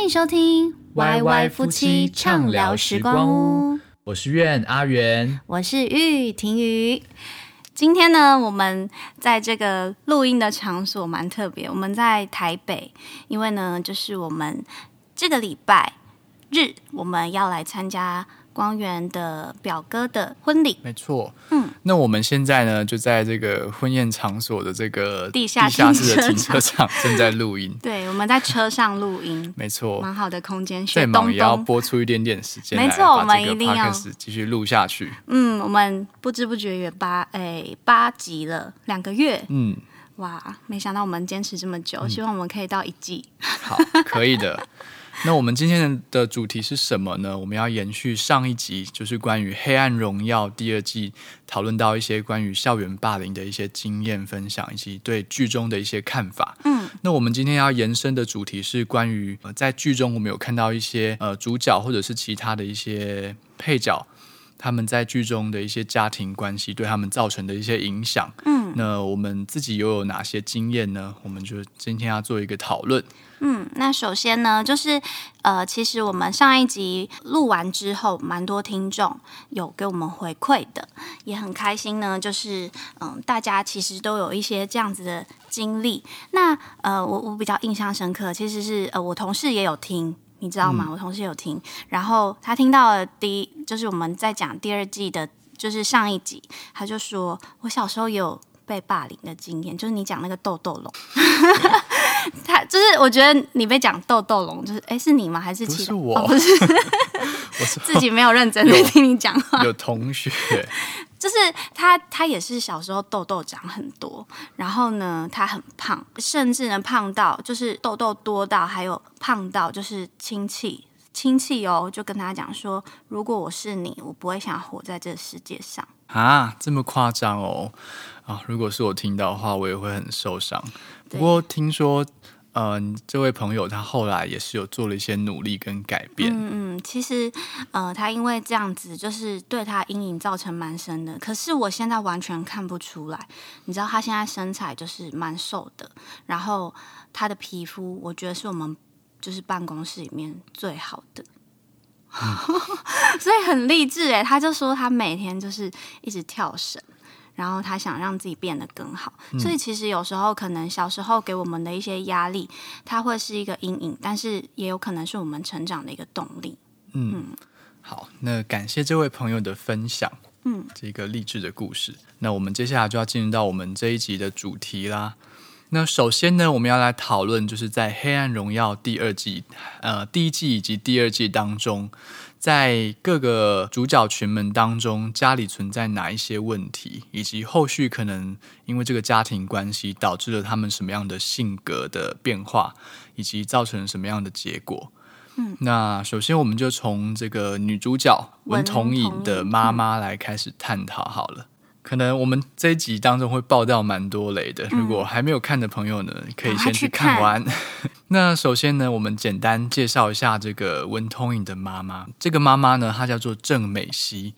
歡迎收聽《Y Y 夫妻暢聊時光屋》。我是苑阿源，我是玉婷。宇。今天呢，我們在這個錄音的場所蠻特別，我們在台北，因為呢，就是我們這個禮拜日我們要來參加。光源的表哥的婚禮，沒錯錯。嗯，那我們現在呢，就在這個婚宴場所的這個地下室的停車場，車場正在錄音。對，我們在車上錄音， 沒錯錯，蠻好的空間。再忙也要播出一點點時間來。沒錯，我們一定要開始繼續錄下去。嗯，我們不知不覺也八哎、欸、八集了，兩個月。嗯，哇，沒想到我們堅持這麼久，嗯、希望我們可以到一季。好，可以的。 那我們今天的主題是什麼呢？我們要延續上一集，就是關於《黑暗榮耀》第二季，討論到一些關於校園霸凌的一些經驗分享，以及對劇中的一些看法。嗯，那我們今天要延伸的主題是關於，呃，在劇中我們有看到一些呃主角或者是其他的一些配角。他們在劇中的一些家庭關係對他們造成的一些影響，嗯，那我們自己又有，有哪些經驗呢？我們就今天要做一個討論。嗯，那首先呢，就是呃，其實我們上一集錄完之後，蠻多聽眾有給我們回饋的，也很開心呢。就是嗯、呃，大家其實都有一些這樣子的經歷。那呃，我我比較印象深刻，其實是呃，我同事也有聽。你知道嗎？我同事有聽，嗯、然後他聽到了第一，就是我們在講第二季的，就是上一集，他就說：“我小時候也有被霸凌的經驗，就是你講那個豆豆龍。嗯 他”他就是我覺得你被講豆豆龍，就是哎，是你嗎？還是其實是我、哦？是， 我說 自己沒有認真的有聽你講話，有同學。 就是他，他也是小時候痘痘長很多，然後呢，他很胖，甚至呢，胖到就是痘痘多到，還有胖到就是親戚親戚哦，就跟他講說，如果我是你，我不會想活在這世界上啊，這麼誇張哦啊，如果是我聽到的話，我也會很受傷。不過聽說。嗯、呃，這位朋友他後來也是有做了一些努力跟改變。嗯，嗯其實，呃，他因為這樣子就是對他陰影造成蠻深的。可是我現在完全看不出來，你知道他現在身材就是蠻瘦的，然後他的皮膚我覺得是我們就是辦公室裡面最好的， 所以很勵志哎。他就說他每天就是一直跳繩。然後他想讓自己變得更好，嗯、所以其實有時候可能小時候給我們的一些壓力，它會是一個陰影，但是也有可能是我們成長的一個動力。嗯，嗯好，那感謝這位朋友的分享，嗯，這個勵志的故事。嗯、那我們接下來就要進入到我們這一集的主題啦。那首先呢，我們要來討論，就是在《黑暗榮耀》第二季、呃第一季以及第二季當中。在各個主角群們當中，家裡存在哪一些問題，以及後續可能因為這個家庭關係導致了他們什麼樣的性格的變化，以及造成什麼樣的結果？嗯，那首先我們就從這個女主角文同珢的媽媽來開始探討好了。嗯嗯可能我們這一集當中會爆掉蠻多雷的。嗯、如果還沒有看的朋友呢，可以先去看完。看 那首先呢，我們簡單介紹一下這個文東恩的媽媽。這個媽媽呢，她叫做鄭美熙。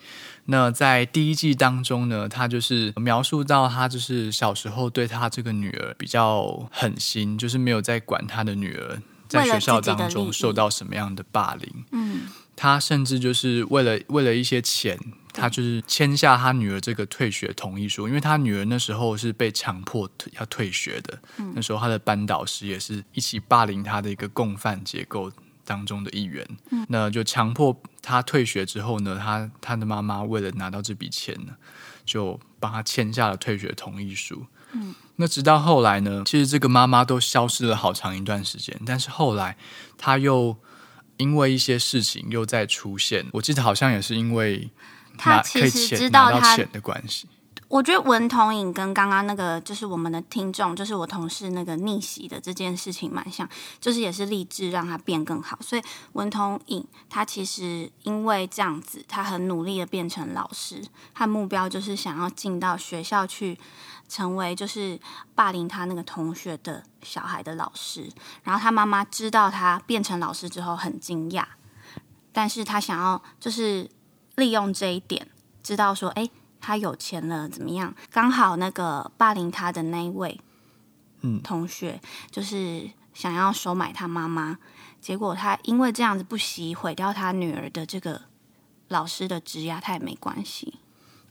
那在第一季當中呢，她就是描述到她就是小時候對她這個女兒比較狠心，就是沒有在管她的女兒在學校當中受到什麼樣的霸凌。她甚至就是為了為了一些錢。他就是簽下他女兒這個退學同意書，因為他女兒那時候是被強迫要退學的。那時候他的班導師也是一起霸凌他的一個共犯結構當中的一員。那就強迫他退學之後呢，他他的媽媽為了拿到這筆錢呢，就幫他簽下了退學同意書。那直到後來呢，其實這個媽媽都消失了好長一段時間，但是後來他又因為一些事情又再出現。我記得好像也是因為。他其實知道他的關係，我覺得文同珢跟剛剛那個就是我們的聽眾，就是我同事那個逆襲的這件事情蠻像，就是也是勵志讓他變更好。所以文同珢他其實因為這樣子，他很努力的變成老師，他目標就是想要進到學校去，成為就是霸凌他那個同學的小孩的老師。然後他媽媽知道他變成老師之後很驚訝，但是他想要就是。利用這一點，知道說，哎，他有錢了怎麼樣？剛好那個霸凌他的那一位，嗯，同學就是想要收買他媽媽，結果他因為這樣子，不惜毀掉他女兒的這個老師的職涯，他也沒關係。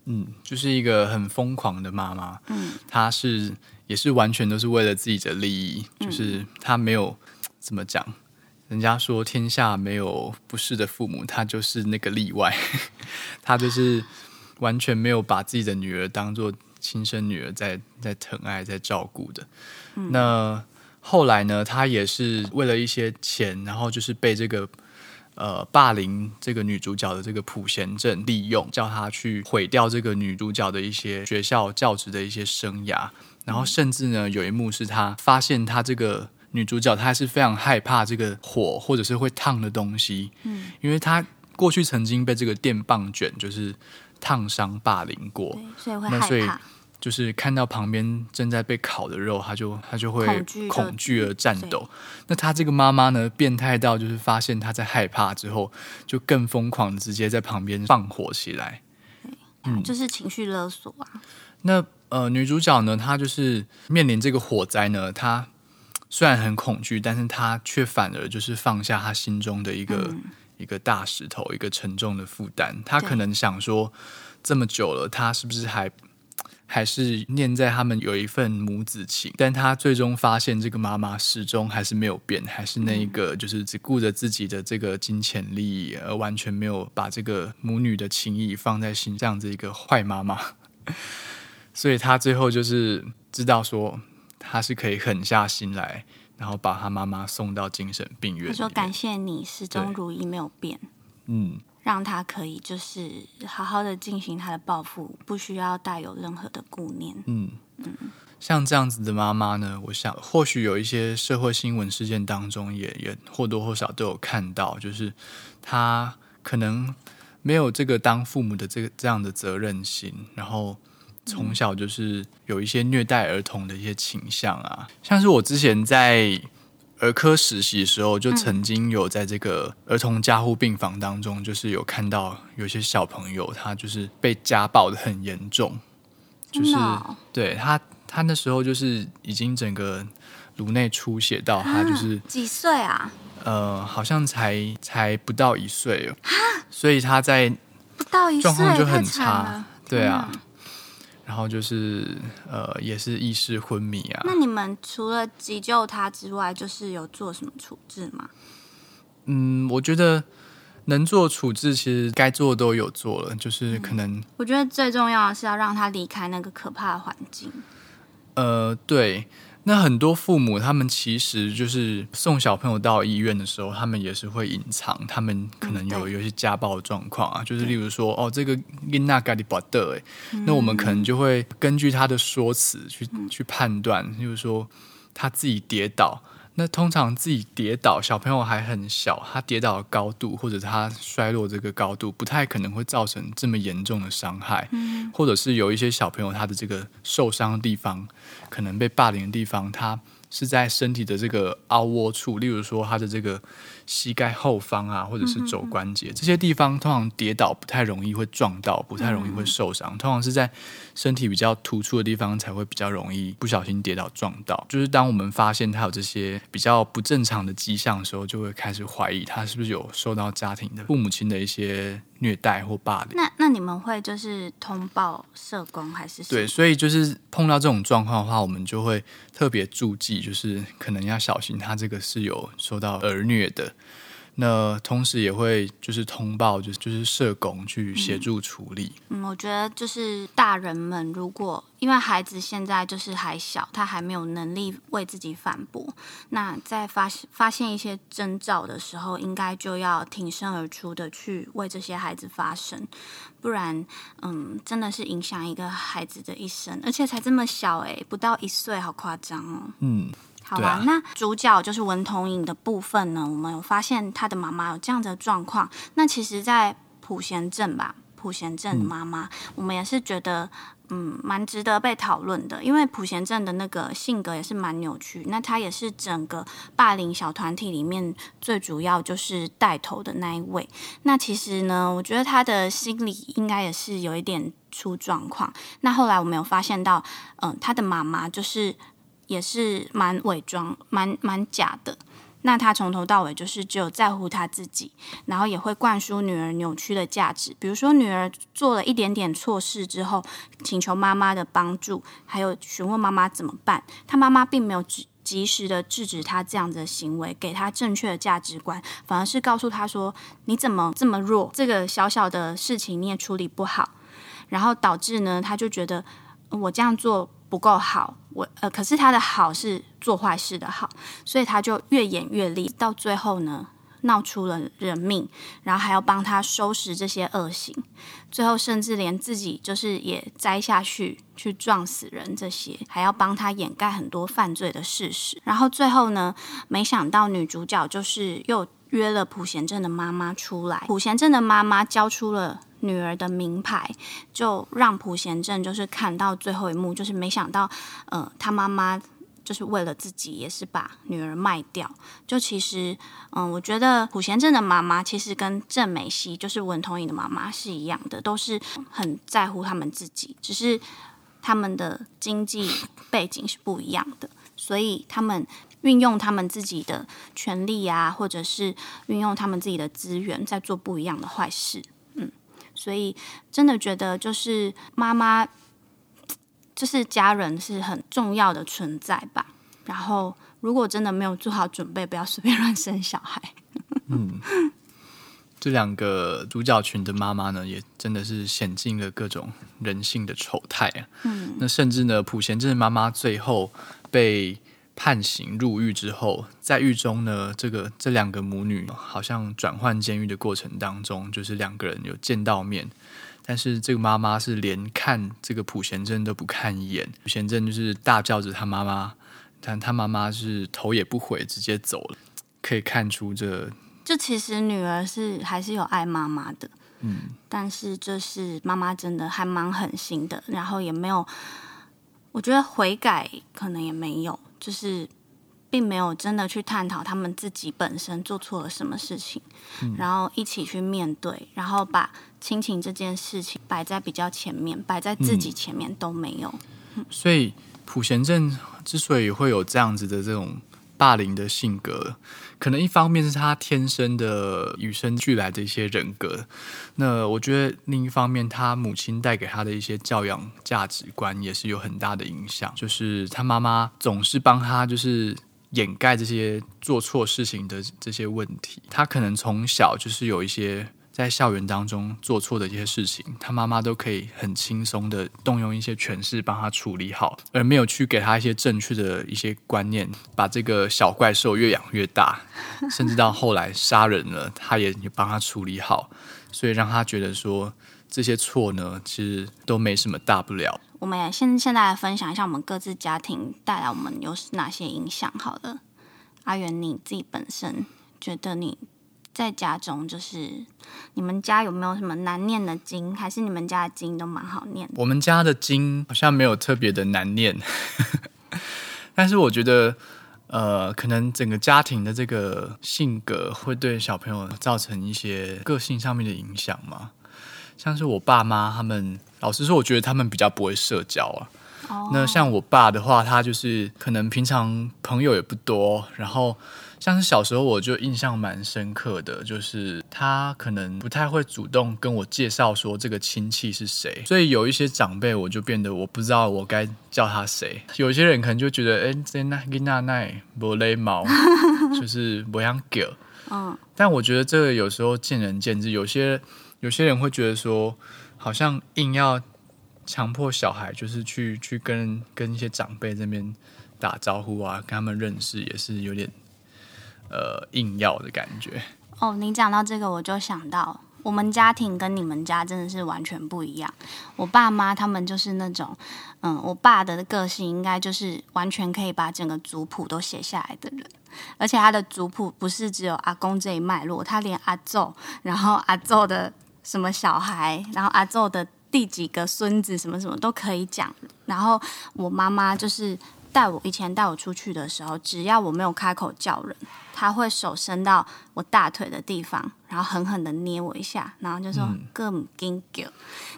嗯，就是一個很瘋狂的媽媽，嗯，他是也是完全都是為了自己的利益，嗯，就是他沒有怎麼講。人家說天下沒有不是的父母，他就是那個例外， 他就是完全沒有把自己的女兒當做親生女兒在在疼愛、在照顧的。嗯、那後來呢，他也是為了一些錢，然後就是被這個呃霸凌這個女主角的這個朴妍珍利用，叫他去毀掉這個女主角的一些學校教職的一些生涯。嗯、然後甚至呢，有一幕是他發現他這個。女主角她是非常害怕這個火或者是會燙的東西，嗯，因為她過去曾經被這個電棒捲，就是燙傷霸凌過，所以會害怕,那所以就是看到旁邊正在被烤的肉，她就她就會恐懼而顫抖。那她這個媽媽呢，變態到就是發現她在害怕之後，就更瘋狂，直接在旁邊放火起來，啊嗯、就是情緒勒索啊。那呃，女主角呢，她就是面臨這個火災呢，她。雖然很恐懼，但是他卻反而就是放下他心中的一個、嗯、一個大石頭，一個沉重的負擔。他可能想說，對這麼久了，他是不是還還是念在他們有一份母子情？但他最終發現，這個媽媽始終還是沒有變，還是那一個就是只顧着自己的這個金錢利益，而完全沒有把這個母女的情誼放在心上，這一個壞媽媽。 所以他最後就是知道說。他是可以狠下心來，然後把他媽媽送到精神病院。他說：“感謝你始終如一，沒有變，嗯，讓他可以就是好好的進行他的報復，不需要帶有任何的顧念。”嗯嗯，嗯像這樣子的媽媽呢，我想或許有一些社會新聞事件當中也也或多或少都有看到，就是他可能沒有這個當父母的這個這樣的責任心，然後。從小就是有一些虐待兒童的一些傾向啊，像是我之前在兒科實習的時候，就曾經有在這個兒童加護病房當中，就是有看到有些小朋友他就是被家暴得很嚴重，就是對他他那時候就是已經整個顱內出血到他就是幾歲啊？呃，好像才才不到一歲哦，所以他在不到一歲狀況就很差，對啊。然後就是，呃，也是意識昏迷啊。那你們除了急救他之外，就是有做什麼處置嗎？嗯，我覺得能做處置，其實該做都有做了，就是可能，嗯。我覺得最重要的是要讓他離開那個可怕的環境。呃，對。那很多父母，他們其實就是送小朋友到醫院的時候，他們也是會隱藏，他們可能有、嗯、有一些家暴狀況啊，就是例如說，對哦，這個 Ina g a l i 那我們可能就會根據他的說辭去、嗯、去判斷，就是說他自己跌倒。那通常自己跌倒，小朋友還很小，他跌倒的高度或者他摔落這個高度，不太可能會造成這麼嚴重的傷害。嗯、或者是有一些小朋友他的這個受傷的地方，可能被霸凌的地方，他是在身體的這個凹窩處，例如說他的這個膝蓋後方啊，或者是肘關節嗯嗯，這些地方，通常跌倒不太容易會撞到，不太容易會受傷，嗯、通常是在。身體比較突出的地方才會比較容易不小心跌倒撞到，就是當我們發現他有這些比較不正常的跡象的時候，就會開始懷疑他是不是有受到家庭的父母親的一些虐待或霸凌。那那你們會就是通報社工還是什麼？對，所以就是碰到這種狀況的話，我們就會特別注記，就是可能要小心他這個是有受到兒虐的。那同時也會就是通報，就是就是社工去協助處理嗯。嗯，我覺得就是大人們如果因為孩子現在就是還小，他還沒有能力為自己反駁，那在發現發現一些徵兆的時候，應該就要挺身而出的去為這些孩子發聲，不然嗯，真的是影響一個孩子的一生，而且才這麼小哎，不到一歲，好誇張哦。嗯。好吧，啊、那主角就是文同影的部分呢。我們有發現他的媽媽有這樣的狀況。那其實，在普賢鎮吧，普賢鎮媽媽，嗯、我們也是覺得，嗯，蠻值得被討論的。因為普賢鎮的那個性格也是蠻扭曲。那他也是整個霸凌小團體裡面最主要就是帶頭的那一位。那其實呢，我覺得他的心理應該也是有一點出狀況。那後來我們有發現到，嗯，他的媽媽就是。也是蠻偽裝、蠻蠻假的。那他從頭到尾就是只有在乎他自己，然後也會灌輸女兒扭曲的價值。比如說，女兒做了一點點錯事之後，請求媽媽的幫助，還有詢問媽媽怎麼辦，他媽媽並沒有及時的制止他這樣子的行為，給他正確的價值觀，反而是告訴他說：“你怎麼這麼弱？這個小小的事情你也處理不好。”然後導致呢，他就覺得我這樣做。不夠好，我呃，可是他的好是做壞事的好，所以他就越演越烈，到最後呢，鬧出了人命，然後還要幫他收拾這些惡行，最後甚至連自己就是也栽下去去撞死人這些，還要幫他掩蓋很多犯罪的事實，然後最後呢，沒想到女主角就是又約了朴涎鎮的媽媽出來，朴涎鎮的媽媽交出了。女兒的名牌，就讓朴賢正就是看到最後一幕，就是沒想到，呃，他媽媽就是為了自己，也是把女兒賣掉。就其實，嗯、呃，我覺得朴賢正的媽媽其實跟鄭美熙，就是文同穎的媽媽是一樣的，都是很在乎他們自己，只是他們的經濟背景是不一樣的，所以他們運用他們自己的權力啊，或者是運用他們自己的資源，在做不一樣的壞事。所以真的覺得，就是媽媽，就是家人是很重要的存在吧。然後，如果真的沒有做好準備，不要隨便亂生小孩。 嗯，這兩個主角群的媽媽呢，也真的是顯盡了各種人性的醜態啊。嗯、那甚至呢，朴涎鎮的媽媽最後被。判刑入獄之後，在獄中呢，這個這兩個母女好像轉換監獄的過程當中，就是兩個人有見到面，但是這個媽媽是連看這個朴涎鎮都不看一眼，朴涎鎮就是大叫着她媽媽，但她媽媽是頭也不回直接走了，可以看出這這其實女兒是還是有愛媽媽的，嗯，但是這是媽媽真的還蠻狠心的，然後也沒有，我覺得悔改可能也沒有。就是並沒有真的去探討他們自己本身做錯了什麼事情，嗯、然後一起去面對，然後把親情這件事情擺在比較前面，擺在自己前面都沒有。嗯嗯、所以普賢鎮之所以會有這樣子的這種。霸凌的性格，可能一方面是他天生的與生俱來的一些人格，那我覺得另一方面，他母親帶給他的一些教養價值觀也是有很大的影響。就是他媽媽總是幫他，就是掩蓋這些做錯事情的這些問題。他可能從小就是有一些。在校園當中做錯的一些事情，他媽媽都可以很輕鬆的動用一些權勢幫他處理好，而沒有去給他一些正確的一些觀念，把這個小怪獸越養越大，甚至到後來殺人了，他也幫他處理好，所以讓他覺得說這些錯呢，其實都沒什麼大不了。我們也現現在來分享一下我們各自家庭帶來我們有哪些影響。好了，阿元你自己本身覺得你。在家中，就是你們家有沒有什麼難念的經？還是你們家的經都蠻好念的？我們家的經好像沒有特別的難念， 但是我覺得，呃，可能整個家庭的這個性格會對小朋友造成一些個性上面的影響嘛。像是我爸媽他們，老實說，我覺得他們比較不會社交啊。Oh. 那像我爸的話，他就是可能平常朋友也不多，然後。像是小時候我就印象蠻深刻的，就是他可能不太會主動跟我介紹說這個親戚是誰，所以有一些長輩我就變得我不知道我該叫他誰。有些人可能就覺得，哎、欸，這那麗娜奈不雷毛， 就是不陽哥。嗯，但我覺得這個有時候見仁見智，有些有些人會覺得說，好像硬要強迫小孩就是去去跟跟一些長輩這邊打招呼啊，跟他們認識也是有點。呃，硬要的感覺哦。Oh, 你講到這個，我就想到我們家庭跟你們家真的是完全不一樣。我爸媽他們就是那種，嗯，我爸的個性應該就是完全可以把整個族譜都寫下來的人，而且他的族譜不是只有阿公這一脈絡，他連阿祖，然後阿祖的什麼小孩，然後阿祖的第幾個孫子什麼什麼都可以講。然後我媽媽就是。帶我以前帶我出去的時候，只要我沒有開口叫人，他會手伸到我大腿的地方，然後狠狠的捏我一下，然後就說哥 u m g i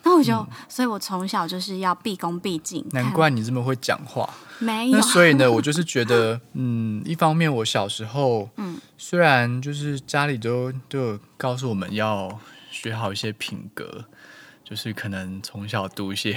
然後我就，嗯、所以我從小就是要畢恭畢敬。難怪你這麼會講話，沒有。那所以呢，我就是覺得， 嗯，一方面我小時候，嗯，雖然就是家裡都都有告訴我們要學好一些品格，就是可能從小讀一些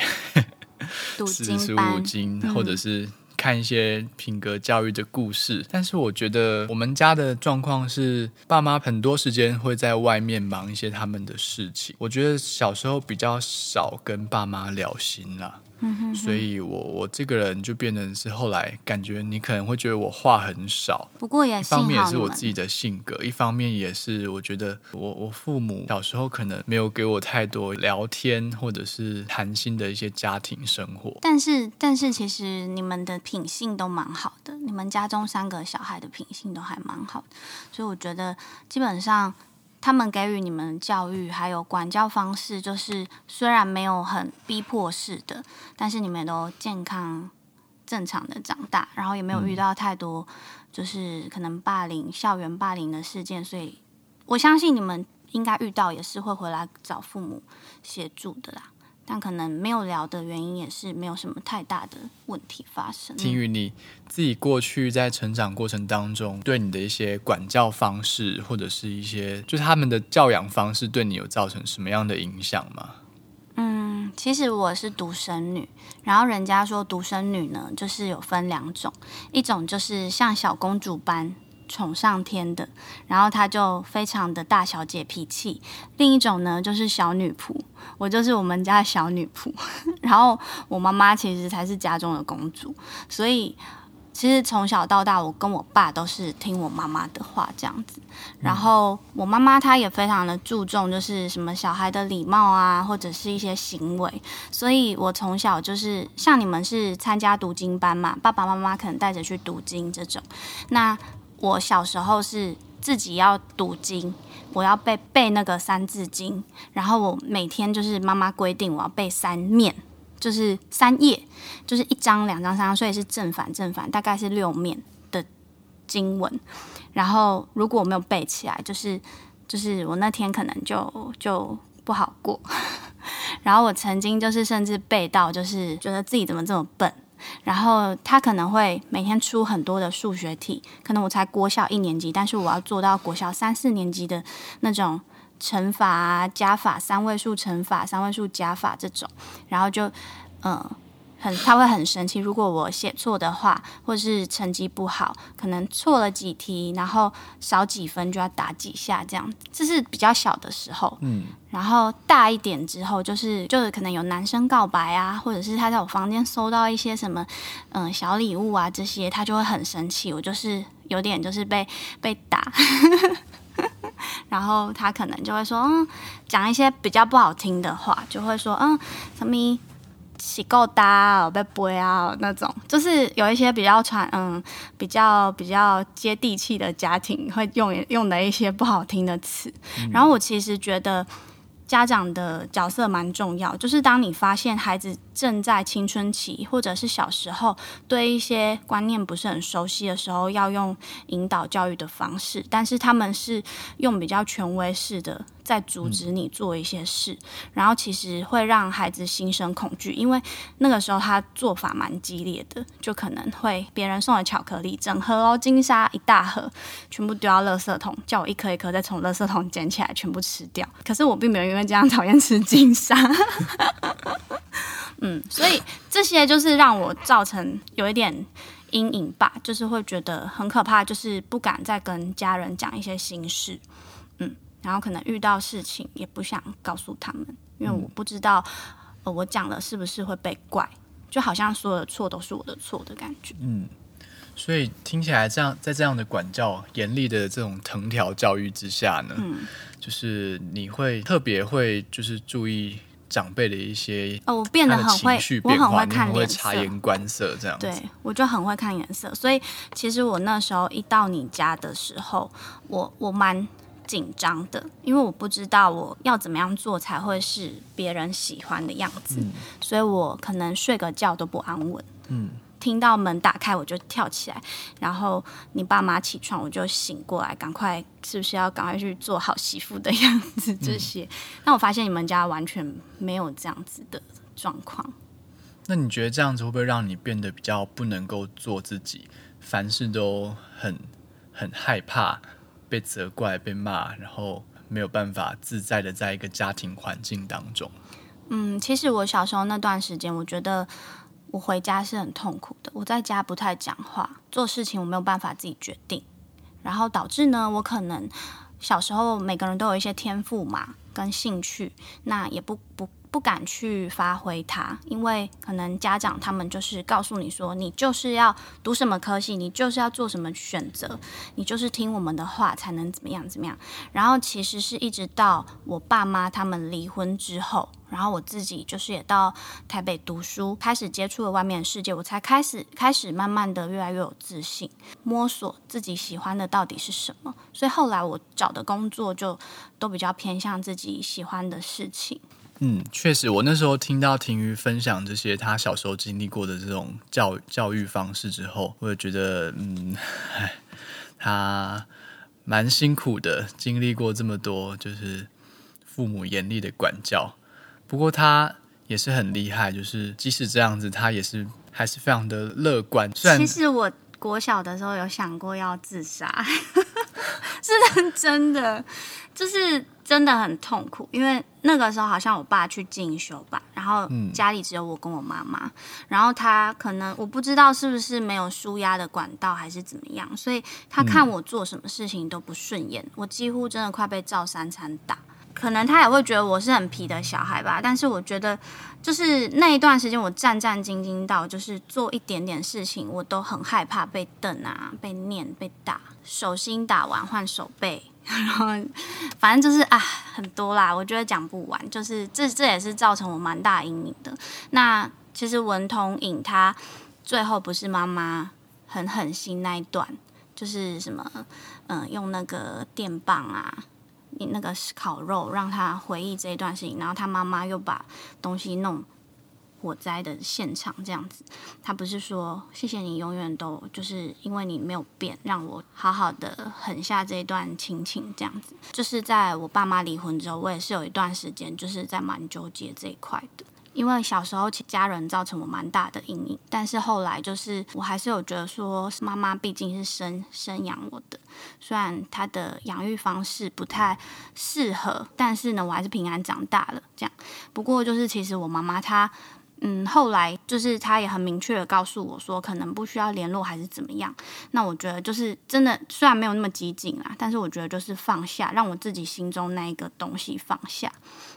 讀經四書五經，嗯、或者是。看一些品格教育的故事，但是我覺得我們家的狀況是，爸媽很多時間會在外面忙一些他們的事情，我覺得小時候比較少跟爸媽聊心啦、啊。嗯 所以我我這個人就變成是後來感覺你可能會覺得我話很少，不過也一方面也是我自己的性格，一方面也是我覺得我我父母小時候可能沒有給我太多聊天或者是談心的一些家庭生活。但是但是其實你們的品性都蠻好的，你們家中三個小孩的品性都還蠻好的，所以我覺得基本上。他們給予你們教育，還有管教方式，就是雖然沒有很逼迫式的，但是你們都健康正常的長大，然後也沒有遇到太多就是可能霸凌、校園霸凌的事件，所以我相信你們應該遇到也是會回來找父母協助的啦。但可能沒有聊的原因，也是沒有什麼太大的問題發生。聽於你自己過去在成長過程當中，對你的一些管教方式，或者是一些就是他們的教養方式，對你有造成什麼樣的影響嗎？嗯，其實我是獨生女，然後人家說獨生女呢，就是有分兩種，一種就是像小公主般。寵上天的，然後她就非常的大小姐脾氣。另一種呢，就是小女僕，我就是我們家的小女僕。然後我媽媽其實才是家中的公主，所以其實從小到大，我跟我爸都是聽我媽媽的話這樣子。然後我媽媽她也非常的注重，就是什麼小孩的禮貌啊，或者是一些行為。所以我從小就是像你們是參加讀經班嘛，爸爸媽媽可能帶着去讀經這種，那。我小時候是自己要讀經，我要背背那個《三字經》，然後我每天就是媽媽規定我要背三面，就是三頁，就是一張、兩張、三張，所以是正反正反，大概是六面的經文。然後如果我沒有背起來，就是就是我那天可能就就不好過。然後我曾經就是甚至背到就是覺得自己怎麼這麼笨。然後他可能會每天出很多的數學題，可能我才國小一年級，但是我要做到國小三四年級的那種乘法、加法、三位數乘法、三位數加法這種，然後就，嗯、呃。很他會很生氣，如果我寫錯的話，或是成績不好，可能錯了幾題，然後少幾分就要打幾下，這樣，這是比較小的時候。嗯，然後大一點之後，就是，就是就是可能有男生告白啊，或者是他在我房間收到一些什麼嗯、呃、小禮物啊這些，他就會很生氣，我就是有點就是被被打， 然後他可能就會說嗯講一些比較不好聽的話，就會說嗯什咪。起夠大，哦，啊，哦，被播啊，那種，就是有一些比較傳，嗯，比較比較接地氣的家庭，會用用的一些不好聽的詞。嗯嗯。然後我其實覺得家長的角色蠻重要，就是當你發現孩子正在青春期或者是小時候，對一些觀念不是很熟悉的時候，要用引導教育的方式，但是他們是用比較權威式的。在阻止你做一些事，嗯、然後其實會讓孩子心生恐懼，因為那個時候他做法蠻激烈的，就可能會別人送了巧克力整盒哦，金沙一大盒，全部丟到垃圾桶，叫我一顆一顆再從垃圾桶撿起來，全部吃掉。可是我並沒有因為這樣討厭吃金沙， 嗯，所以這些就是讓我造成有一點陰影吧，就是會覺得很可怕，就是不敢再跟家人講一些心事。然後可能遇到事情也不想告訴他們，因為我不知道、嗯呃、我講了是不是會被怪，就好像所有的錯都是我的錯的感覺。嗯，所以聽起來這樣，在這樣的管教嚴厲的這種藤條教育之下呢，嗯，就是你會特別會就是注意長輩的一些的哦，我變得很會，我很會看，我會察言觀色這樣子。對，我就很會看顏色，所以其實我那時候一到你家的時候，我我蠻。緊張的，因為我不知道我要怎麼樣做才會是別人喜歡的樣子，嗯、所以我可能睡個覺都不安穩。嗯，聽到門打開我就跳起來，然後你爸媽起床我就醒過來，趕快是不是要趕快去做好媳婦的樣子？這些，那、嗯、我發現你們家完全沒有這樣子的狀況。那你覺得這樣子會不會讓你變得比較不能夠做自己，凡事都很很害怕？被責怪、被罵，然後沒有辦法自在地在一個家庭環境當中。嗯，其實我小時候那段時間，我覺得我回家是很痛苦的。我在家不太講話，做事情我沒有辦法自己決定，然後導致呢，我可能小時候每個人都有一些天賦嘛，跟興趣，那也不不。不敢去發揮它，因為可能家長他們就是告訴你說，你就是要讀什麼科系，你就是要做什麼選擇，你就是聽我們的話才能怎麼樣怎麼樣。然後其實是一直到我爸媽他們離婚之後，然後我自己就是也到台北讀書，開始接觸了外面的世界，我才開始開始慢慢的越來越有自信，摸索自己喜歡的到底是什麼。所以後來我找的工作就都比較偏向自己喜歡的事情。嗯，確實，我那時候聽到婷瑜分享這些他小時候經歷過的這種教教育方式之後，我也覺得嗯唉，他蠻辛苦的，經歷過這麼多，就是父母嚴厲的管教。不過他也是很厲害，就是即使這樣子，他也是還是非常的樂觀。雖然其實我國小的時候有想過要自殺， 是認真的。 就是真的很痛苦，因為那個時候好像我爸去進修吧，然後家裡只有我跟我媽媽，嗯、然後他可能我不知道是不是沒有紓壓的管道還是怎麼樣，所以他看我做什麼事情都不順眼，嗯、我幾乎真的快被照三餐打，可能他也會覺得我是很皮的小孩吧，但是我覺得就是那一段時間我戰戰兢兢到就是做一點點事情我都很害怕被瞪啊，被念被打，手心打完換手背。 然後，反正就是啊，很多啦，我覺得講不完。就是這，這也是造成我蠻大陰影的。那其實文通影他最後不是媽媽很狠心那一段，就是什麼嗯、呃，用那個電棒啊，那個烤肉讓他回憶這一段事情，然後他媽媽又把東西弄。火災的現場這樣子，他不是說謝謝你，永遠都就是因為你沒有變，讓我好好的狠下這一段親情這樣子。就是在我爸媽離婚之後，我也是有一段時間就是在蠻糾結這一塊的，因為小時候其家人造成我蠻大的陰影。但是後來就是我還是有覺得說，媽媽畢竟是生生養我的，雖然她的養育方式不太適合，但是呢我還是平安長大了這樣。不過就是其實我媽媽她。嗯，後來就是他也很明確的告訴我說，可能不需要聯絡還是怎麼樣。那我覺得就是真的，雖然沒有那麼激進啦，但是我覺得就是放下，讓我自己心中那一個東西放下。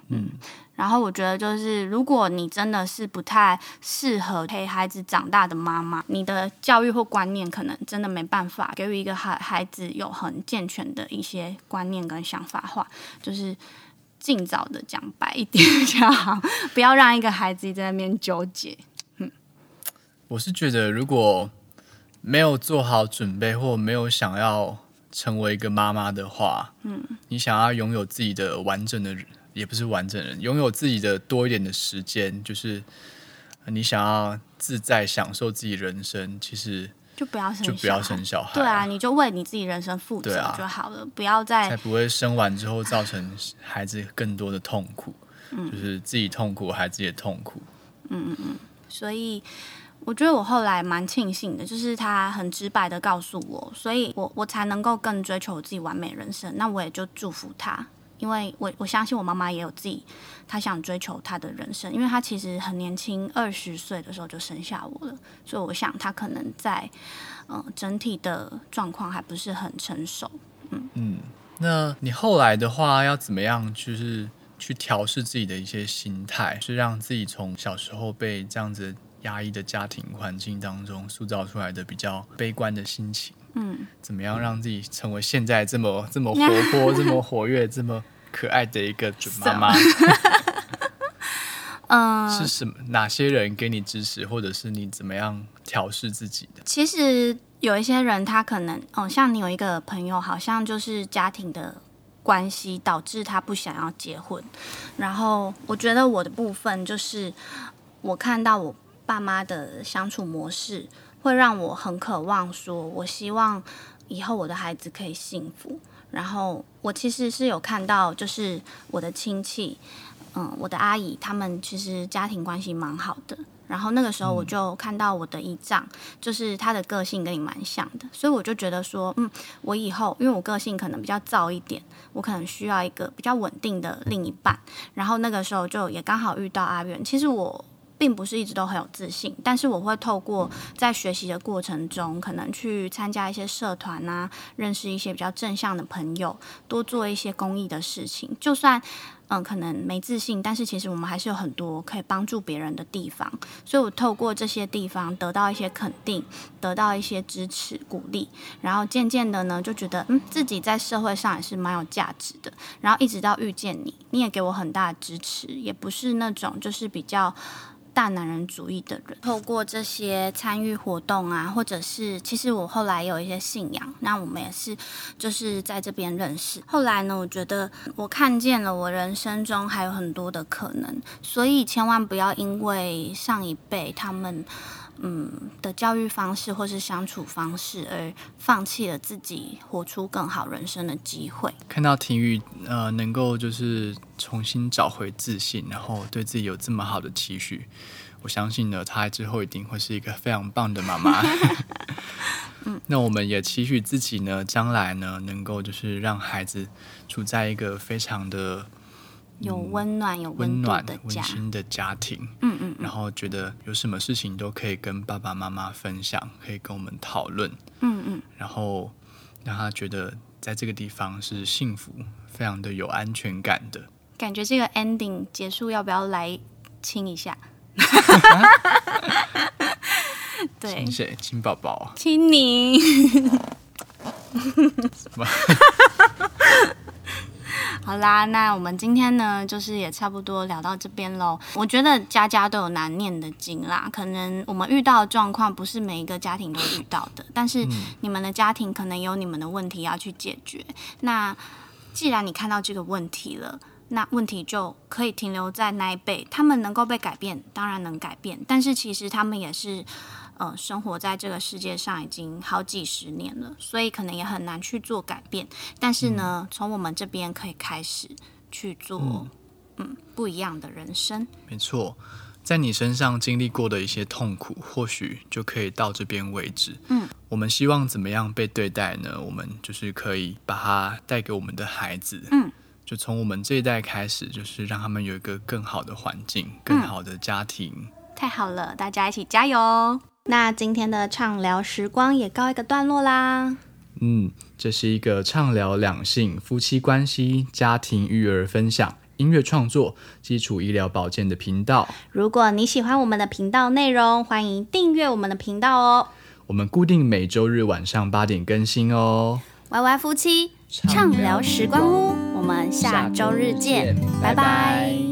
嗯，然後我覺得就是，如果你真的是不太適合陪孩子長大的媽媽，你的教育或觀念可能真的沒辦法給予一個孩孩子有很健全的一些觀念跟想法化，就是。盡早的講白一點比較好，不要讓一個孩子在那邊糾結。嗯，我是覺得，如果沒有做好準備，或沒有想要成為一個媽媽的話，嗯，你想要擁有自己的完整的人，也不是完整人，擁有自己的多一點的時間，就是你想要自在享受自己人生，其實。就不要生小孩。小孩，對啊，你就為你自己人生負責就好了，啊，不要再。才不會生完之後造成孩子更多的痛苦，嗯，就是自己痛苦，孩子也痛苦。嗯嗯嗯，所以我覺得我後來蠻慶幸的，就是他很直白的告訴我，所以我我才能夠更追求我自己完美人生。那我也就祝福他。因為我我相信我媽媽也有自己，她想追求她的人生，因為她其實很年輕，二十歲的時候就生下我了，所以我想她可能在，嗯、呃，整體的狀況還不是很成熟，嗯。嗯，那你後來的話要怎麼樣，就是去調試自己的一些心態，是讓自己從小時候被這樣子壓抑的家庭環境當中塑造出來的比較悲觀的心情？嗯，怎麼樣讓自己成為現在這麼這麼活潑、Yeah. 這麼活躍、這麼可愛的一個準媽媽？嗯 So. 呃，是什麼？哪些人給你支持，或者是你怎麼樣調試自己的？其實有一些人，他可能哦，像你有一個朋友，好像就是家庭的關係導致他不想要結婚。然後我覺得我的部分就是，我看到我爸媽的相處模式。會讓我很渴望說，說我希望以後我的孩子可以幸福。然後我其實是有看到，就是我的親戚，嗯，我的阿姨他們其實家庭關係蠻好的。然後那個時候我就看到我的姨丈，就是他的個性跟你蠻像的，所以我就覺得說，嗯，我以後因為我個性可能比較躁一點，我可能需要一個比較穩定的另一半。然後那個時候就也剛好遇到阿遠。其實我，並不是一直都很有自信，但是我會透過在學習的過程中，可能去參加一些社團啊，認識一些比較正向的朋友，多做一些公益的事情。就算嗯、呃，可能沒自信，但是其實我們還是有很多可以幫助別人的地方。所以我透過這些地方得到一些肯定，得到一些支持鼓勵，然後漸漸的呢，就覺得嗯，自己在社會上也是蠻有價值的。然後一直到遇見你，你也給我很大的支持，也不是那種就是比較。大男人主義的人，透過這些參與活動啊，或者是，其實我後來有一些信仰，那我們也是就是在這邊認識。後來呢，我覺得我看見了我人生中還有很多的可能，所以千萬不要因為上一輩他們。嗯的教育方式或是相處方式，而放棄了自己活出更好人生的機會。看到體育呃能夠就是重新找回自信，然後對自己有這麼好的期許，我相信呢，她之後一定會是一個非常棒的媽媽。 嗯，那我們也期許自己呢，將來呢能夠就是讓孩子處在一個非常的。有溫暖、有溫暖的溫馨的家庭，嗯，嗯嗯，然後覺得有什麼事情都可以跟爸爸媽媽分享，可以跟我們討論，嗯嗯，然後讓他覺得在這個地方是幸福、非常的有安全感的感覺。這個 ending 結束，要不要來親一下？ 對，親誰？親寶寶？親你？ 好啦，那我們今天呢，就是也差不多聊到這邊嘍。我覺得家家都有難念的經啦，可能我們遇到的狀況不是每一個家庭都遇到的，嗯、但是你們的家庭可能有你們的問題要去解決。那既然你看到這個問題了，那問題就可以停留在那一輩，他們能夠被改變，當然能改變，但是其實他們也是。嗯、呃，生活在這個世界上已經好幾十年了，所以可能也很難去做改變。但是呢，嗯、從我們這邊可以開始去做，嗯、嗯，不一樣的人生。沒錯，在你身上經歷過的一些痛苦，或許就可以到這邊為止。嗯，我們希望怎麼樣被對待呢？我們就是可以把它帶給我們的孩子。嗯，就從我們這一代開始，就是讓他們有一個更好的環境，更好的家庭。嗯、太好了，大家一起加油！那今天的暢聊時光也告一個段落啦。嗯，這是一個暢聊兩性、夫妻關係、家庭育兒分享、音樂創作、基礎醫療保健的頻道。如果你喜歡我們的頻道內容，歡迎訂閱我們的頻道哦。我們固定每周日晚上八點更新哦。Y Y 夫妻暢聊時光屋，謠我們下周日見，下週日見拜拜。拜拜。